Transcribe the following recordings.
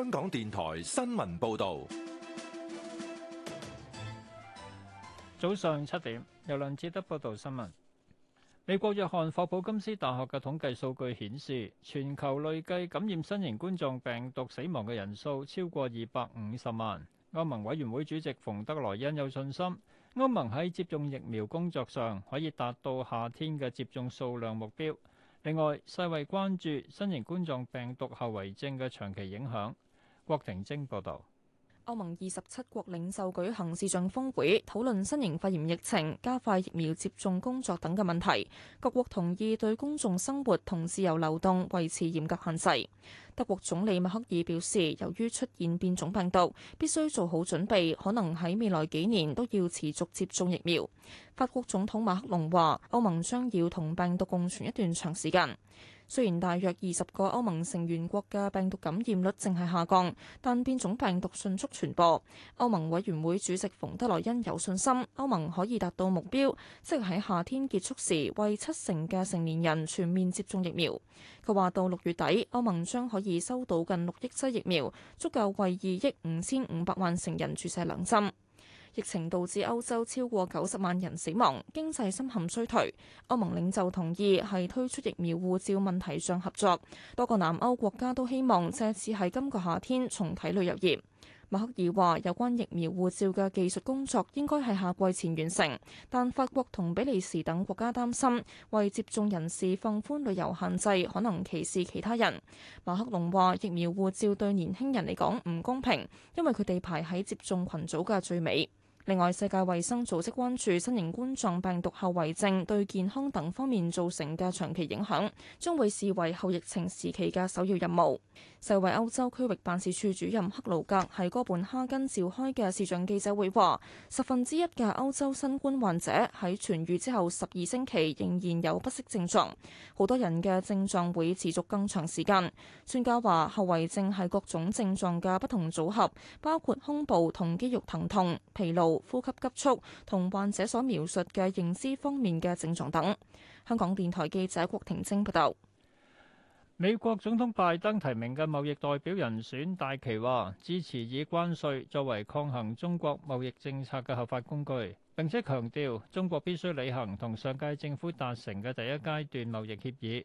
香港電台新聞報道，早上七點，由梁志德報道新聞。美國約翰霍普金斯大學嘅統計數據顯示，全球累計感染新型冠狀病毒死亡嘅人數超過二百五十萬。歐盟委員會主席馮德萊恩有信心，歐盟喺接種疫苗工作上可以達到夏天嘅接種數量目標。另外，世衛關注新型冠狀病毒後遺症嘅長期影響。郭婷晶報道：歐盟二十七國領袖舉行視像峰會，討論新型肺炎疫情、加快疫苗接種工作等嘅問題。各國同意對公眾生活同自由流動維持嚴格限制。德國總理默克爾表示，由於出現變種病毒，必須做好準備，可能喺未來幾年都要持續接種疫苗。法國總統馬克龍話，歐盟將要同病毒共存一段長時間。雖然大約二十個歐盟成員國嘅病毒感染率淨係下降，但變種病毒迅速傳播。歐盟委員會主席馮德萊恩有信心，歐盟可以達到目標，即喺夏天結束時為七成嘅成年人全面接種疫苗。佢話到六月底，歐盟將可以。已收到近六億劑疫苗，足夠為二億五千五百萬成人注射兩針。疫情導致歐洲超過九十萬人死亡，經濟深陷衰退。歐盟領袖同意係推出疫苗護照問題上合作。多個南歐國家都希望借此喺今個夏天重啟旅遊業。默克爾話：有關疫苗護照嘅技術工作應該喺夏季前完成，但法國同比利時等國家擔心，為接種人士放寬旅遊限制可能歧視其他人。馬克龍話：疫苗護照對年輕人嚟講唔公平，因為佢哋排喺接種群組嘅最尾。另外，世界衛生組織關注新型冠狀病毒後遺症對健康等方面造成嘅長期影響將會視為後疫情時期嘅首要任務，世衛歐洲區域辦事處主任克魯格喺哥本哈根召開嘅視像記者會話十分之一嘅歐洲新冠患者喺痊愈之後十二星期仍然有不適症狀，好多人嘅症狀會持續更長時間，專家話後遺症係各種症狀嘅不同組合，包括胸部同肌肉疼痛、疲勞。呼吸急促同患者所描述嘅認知方面嘅症狀等。香港電台記者郭婷晶報道。美國總統拜登提名嘅貿易代表人選戴琪話，支持以關稅作為抗衡中國貿易政策嘅合法工具，並且強調中國必須履行同上屆政府達成嘅第一階段貿易協議。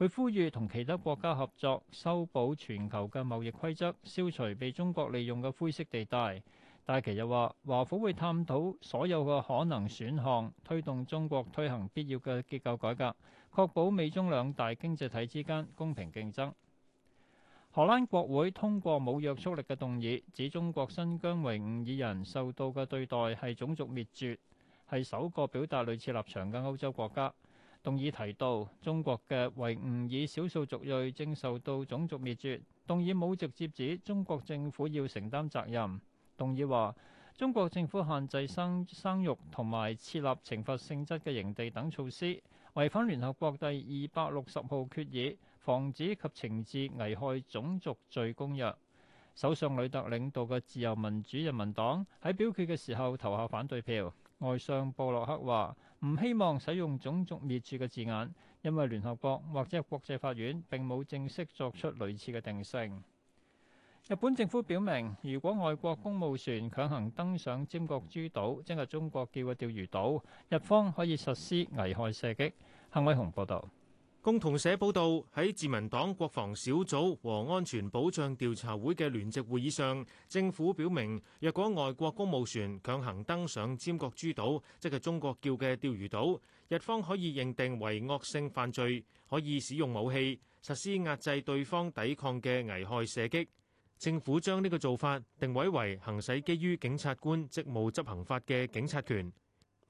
佢呼籲同其他國家合作，修補全球嘅貿易規則，消除被中國利用嘅灰色地帶。戴奇又話：華府會探討所有嘅可能選項，推動中國推行必要嘅結構改革，確保美中兩大經濟體之間公平競爭。荷蘭國會通過冇約束力嘅動議，指中國新疆維吾爾人受到嘅對待係種族滅絕，係首個表達類似立場嘅歐洲國家。動議提到中國嘅維吾爾少數族裔正受到種族滅絕。動議冇直接指中國政府要承擔責任。動議話中國政府限制生生育同埋設立懲罰性質嘅營地等措施，違反聯合國第二百六十號決議，防止及懲治危害種族罪公約。首相呂特領導嘅自由民主人民黨喺表決嘅時候投下反對票。外相布洛克話：唔希望使用種族滅絕嘅字眼，因為聯合國或者國際法院並冇正式作出類似嘅定性。日本政府表明，如果外國公務船強行登上尖閣諸島（即係中國叫嘅釣魚島），日方可以實施危害射擊。幸偉雄報道。共同社報道，喺自民黨國防小組和安全保障調查會嘅聯席會議上，政府表明，若果外國公務船強行登上尖閣諸島，即係中國叫嘅釣魚島，日方可以認定為惡性犯罪，可以使用武器實施壓制對方抵抗嘅危害射擊。政府將呢個做法定位為行使基於警察官職務執行法嘅警察權。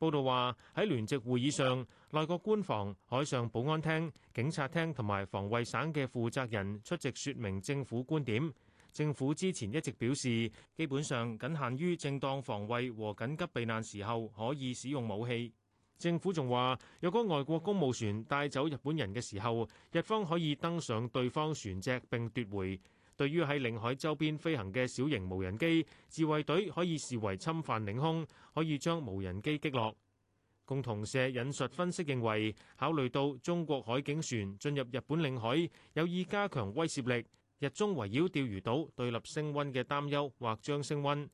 報道話喺聯席會議上，內閣官房、海上保安廳、警察廳同埋防衛省嘅負責人出席，説明政府觀點。政府之前一直表示，基本上僅限於正當防衛和緊急避難時候可以使用武器。政府仲話，若果外國公務船帶走日本人嘅時候，日方可以登上對方船隻並奪回。對於喺領海周邊飛行嘅小型無人機，自衛隊可以視為侵犯領空，可以將無人機擊落。共同社引述分析認為，考慮到中國海警船進入日本領海有意加強威懾力，日中圍繞釣魚島對立升溫嘅擔憂或將升溫。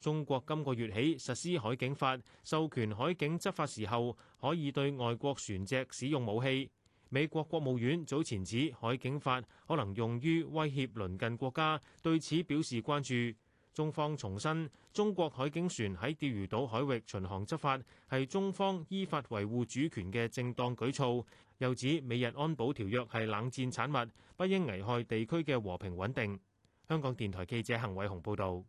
中國今個月起實施海警法，授權海警執法時候可以對外國船隻使用武器。美國國務院早前指海警法可能用於威脅鄰近國家，對此表示關注。中方重申，中國海警船喺釣魚島海域巡航執法係中方依法維護主權嘅正當舉措，又指美日安保條約係冷戰產物，不應危害地區嘅和平穩定。香港電台記者陳偉雄報導。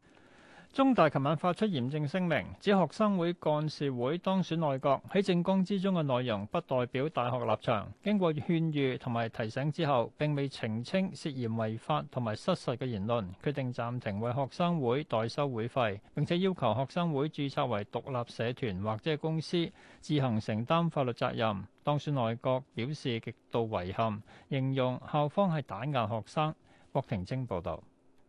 中大琴晚發出嚴正聲明，指學生會幹事會當選內閣喺政綱之中嘅內容，不代表大學立場，經過勸喻同埋提醒之後並未澄清涉嫌違法同埋失實嘅言論，決定暫停為學生會代收會費，並且要求學生會註冊為獨立社團或者公司，自行承擔法律責任。當選內閣表示極度遺憾，形容校方係打壓學生。郭婷晶報道。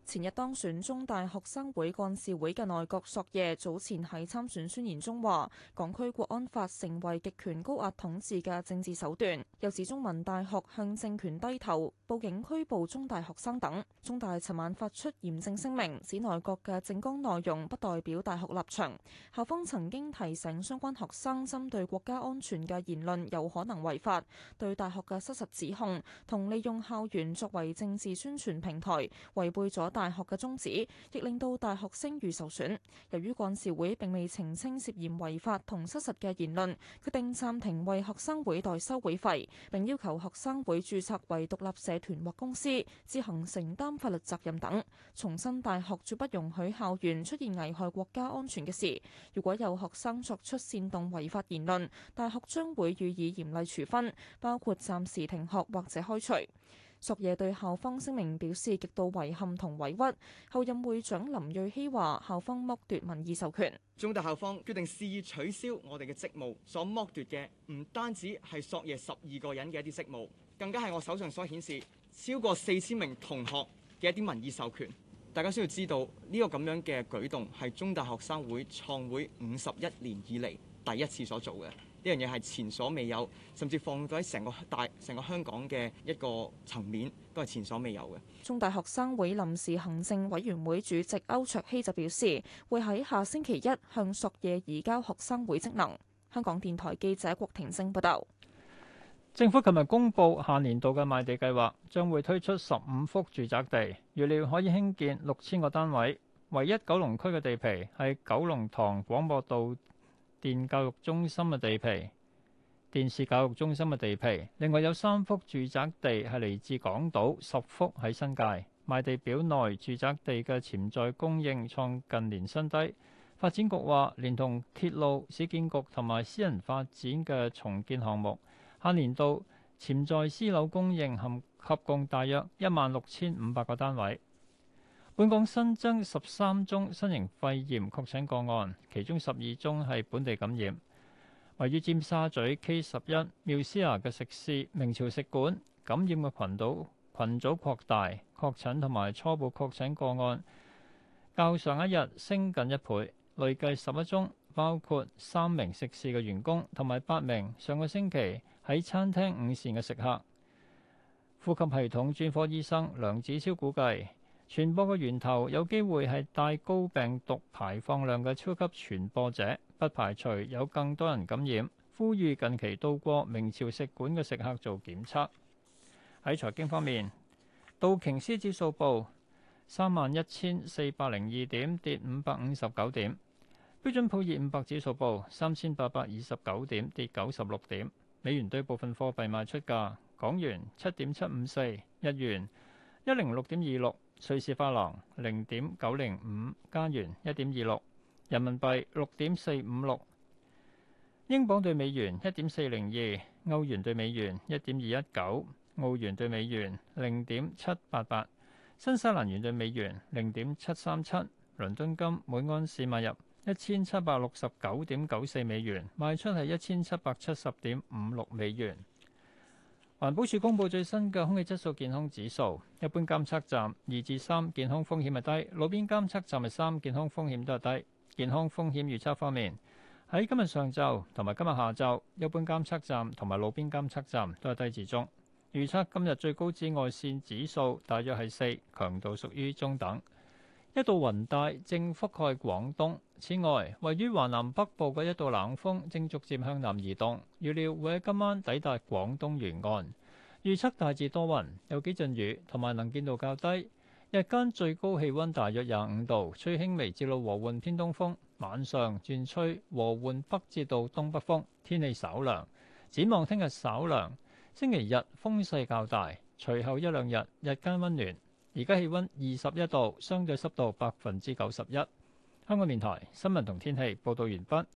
前日當選中大學生會幹事會嘅內閣朔夜早前喺參選宣言中話，港區國安法成為極權高壓統治嘅政治手段，又指中文大學向政權低頭，報警拘捕中大學生等。中大尋晚發出嚴正聲明，指內閣嘅政綱內容不代表大學立場。校方曾經提醒相關學生，針對國家安全嘅言論有可能違法，對大學嘅失實指控同利用校園作為政治宣傳平台，違背咗。大學嘅宗旨，亦令到大學聲譽受損。由於幹事會並未澄清涉嫌違法同失實嘅言論，決定暫停為學生會代收會費，並要求學生會註冊為獨立社團或公司，自行承擔法律責任等。重申大學絕不容許校園出現危害國家安全嘅事。如果有學生作出煽動違法言論，大學將會予以嚴厲處分，包括暫時停學或者開除。朔夜對校方聲明表示極度遺憾同委屈。後任會長林瑞希話：校方剝奪民意授權。中大校方決定肆意取消我哋嘅職務，所剝奪嘅唔單止係朔夜十二個人嘅一啲職務，更加係我手上所顯示超過四千名同學嘅一啲民意授權。大家需要知道呢個咁樣嘅舉動係中大學生會創會五十一年以嚟第一次所做嘅。呢樣嘢係前所未有，甚至放咗喺成個大、成個香港嘅一個層面都係前所未有嘅。中大學生會臨時行政委員會主席歐卓希就表示，會喺下星期一向朔夜移交學生會職能。香港電台記者郭廷升報道。政府琴日公布下年度嘅賣地計劃，將會推出十五幅住宅地，預料可以興建六千個單位。唯一九龍區嘅地皮係九龍塘廣播道。電教育中心嘅地皮、電視教育中心嘅地皮，另外有三幅住宅地係嚟自港島，十幅喺新界。賣地表內住宅地嘅潛在供應創近年新低。發展局話，連同鐵路、市建局同埋私人發展嘅重建項目，下年度潛在私樓供應合共大約一萬六千五百個單位。本港新增十三宗新型肺炎確診個案，其中十二宗係本地感染，位於尖沙咀 K 十一 Musea 嘅食肆明朝食館感染嘅群島群組擴大，確診同埋初步確診個案較上一日升近一倍，累計十一宗，包括三名食肆嘅員工同埋八名上個星期喺餐廳午膳嘅食客。呼吸系統專科醫生梁子超估計。傳播嘅源頭有機會係帶高病毒排放量嘅超級傳播者，不排除有更多人感染。呼籲近期到過明朝食館嘅食客做檢測。喺財經方面，道瓊斯指數報三萬一千四百零二點，跌五百五十九點；標準普爾五百指數報三千八百二十九點，跌九十六點。美元兌部分貨幣賣出價：港元七點七五四，日元一零六點二六。瑞士法郎零點九零五，加元一點二六，人民幣六點四五六，英鎊兌美元一點四零二，歐元兌美元一點二一九，澳元兌美元零點七八八，新西蘭元兌美元零點七三七。倫敦金每盎司買入一千七百六十九點九四美元，賣出係一千七百七十點五六美元。環保署公布最新嘅空氣質素健康指數，一般監測站二至三，3，健康風險係低；路邊監測站係三，健康風險都係低。健康風險預測方面，喺今日上晝同埋今日下晝，一般監測站同埋路邊監測站都係低至中。預測今日最高紫外線指數大約係四，強度屬於中等。一道雲帶正覆蓋廣東。此外，位於華南北部嘅一道冷鋒正逐漸向南移動，預料會喺今晚抵達廣東沿岸。預測大致多雲，有幾陣雨，同埋能見度較低。日間最高氣温大約廿五度，吹輕微至到和緩偏東風。晚上轉吹和緩北至到東北風，天氣稍涼。展望聽日稍涼，星期日風勢較大。隨後一兩日日間温暖。而家氣温二十一度，相對濕度百分之九十一。香港電台新聞同天氣報道完畢。